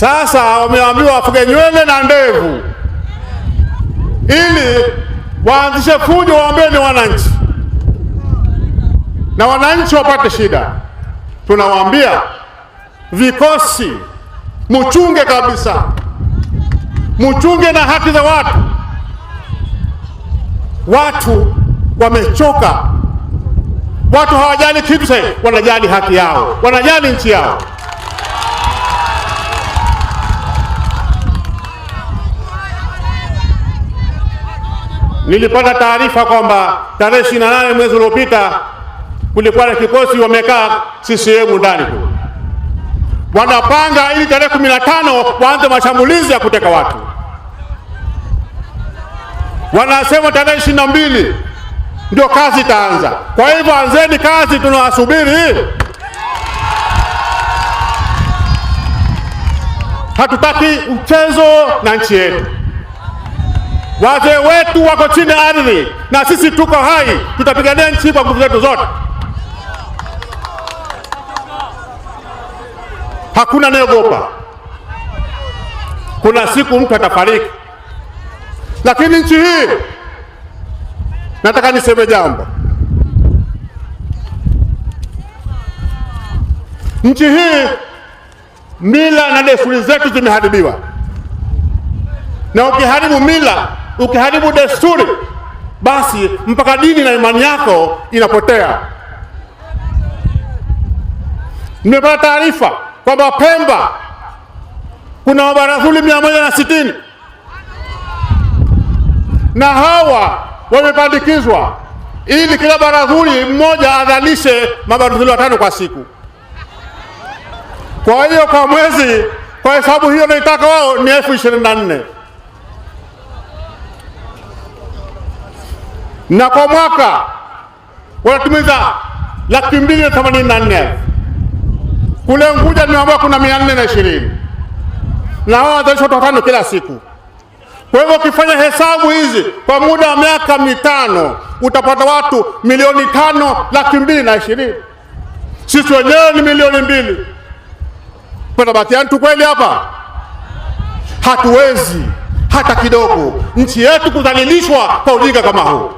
Sasa wameambiwa wafuge nywele na ndevu ili waanzishe fujo, ni wananchi na wananchi wapate shida. Tunawaambia vikosi, muchunge kabisa, muchunge na haki za watu. Watu wamechoka, watu hawajali kitu sasa, wanajali haki yao, wanajali nchi yao. Nilipata taarifa kwamba tarehe nane mwezi uliopita kulikuwa na kikosi wamekaa CCM ndani kule, wanapanga ili tarehe tano waanze mashambulizi ya kuteka watu. Wanasema tarehe mbili ndio kazi itaanza. Kwa hivyo anzeni kazi, tunawasubiri. Hatutaki mchezo na nchi yetu. Wazee wetu wako chini ya ardhi na sisi tuko hai, tutapigania nchi kwa nguvu zetu zote. Hakuna anayeogopa. Kuna siku mtu atafariki, lakini nchi hii, nataka niseme jambo. Nchi hii mila na desturi zetu zimeharibiwa, na ukiharibu mila ukiharibu desturi, basi mpaka dini na imani yako inapotea. Nimepata taarifa kwamba Pemba kuna wabarazuli mia moja na sitini na hawa wamepandikizwa ili kila barazuli mmoja adhalishe mabarazuli watano kwa siku. Kwa hiyo kwa mwezi, kwa hesabu hiyo naitaka wao ni elfu ishirini na nne. na kwa mwaka wanatumiza laki mbili na themanini na nne elfu kule Nguja nimeambiwa kuna mia nne na ishirini na hao wanazalisha watu watano kila siku. Kwa hivyo ukifanya hesabu hizi kwa muda wa miaka mitano utapata watu milioni tano laki mbili na ishirini. Sisi wenyewe ni milioni mbili. Tunabatiana yaani tu kweli hapa? Hatuwezi hata kidogo nchi yetu kudhalilishwa kwa ujinga kama huu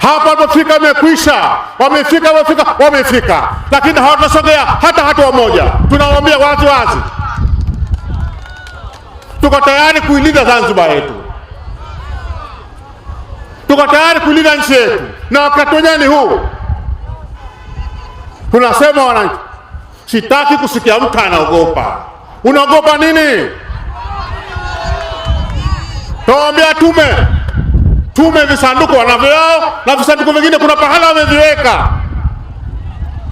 hapa wamefika, wamekwisha, wamefika, wamefika, wamefika, lakini hawatasogea hata hatua moja. Tunawaambia wazi wazi, tuko tayari kuilinda Zanzibar yetu, tuko tayari kuilinda nchi yetu, na wakati wenyewe ni huu. Tunasema wananchi, sitaki kusikia mtu anaogopa. Unaogopa nini? Tuwaambia tume tume visanduku wanavyo na visanduku vingine kuna pahala wameviweka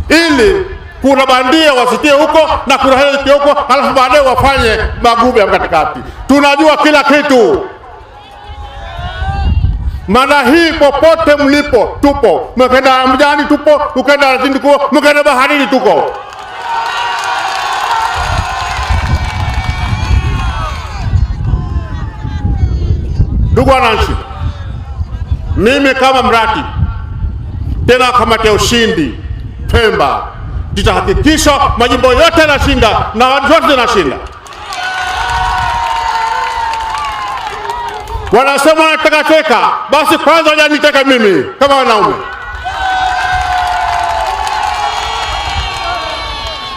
ili kuna bandia wasitie huko na kuna hiki huko, alafu baadaye wafanye magube katikati. Tunajua kila kitu. mana hii popote mlipo tupo, mkenda mjani tupo, ukenda ardhini tuko, mkenda baharini tuko. Ndugu wananchi, mimi kama mradi tena kamati ya ushindi Pemba tutahakikisha majimbo yote yanashinda na watu wote yanashinda. Wanasema wanatekateka, basi kwanza wajaniteka mimi kama wanaume,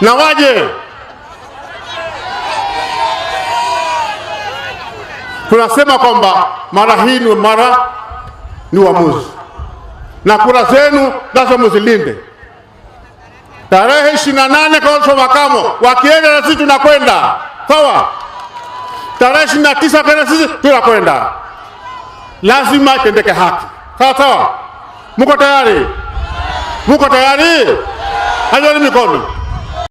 na waje tunasema kwamba mara hii ni mara ni uamuzi, na kura zenu nazo muzilinde. Tarehe ishirini na nane kauso makamo wakienda na sisi tunakwenda sawa. Tarehe ishirini na tisa wakienda sisi tunakwenda, lazima itendeke haki sawa sawa. Muko tayari? Muko tayari? Hanyweni mikono.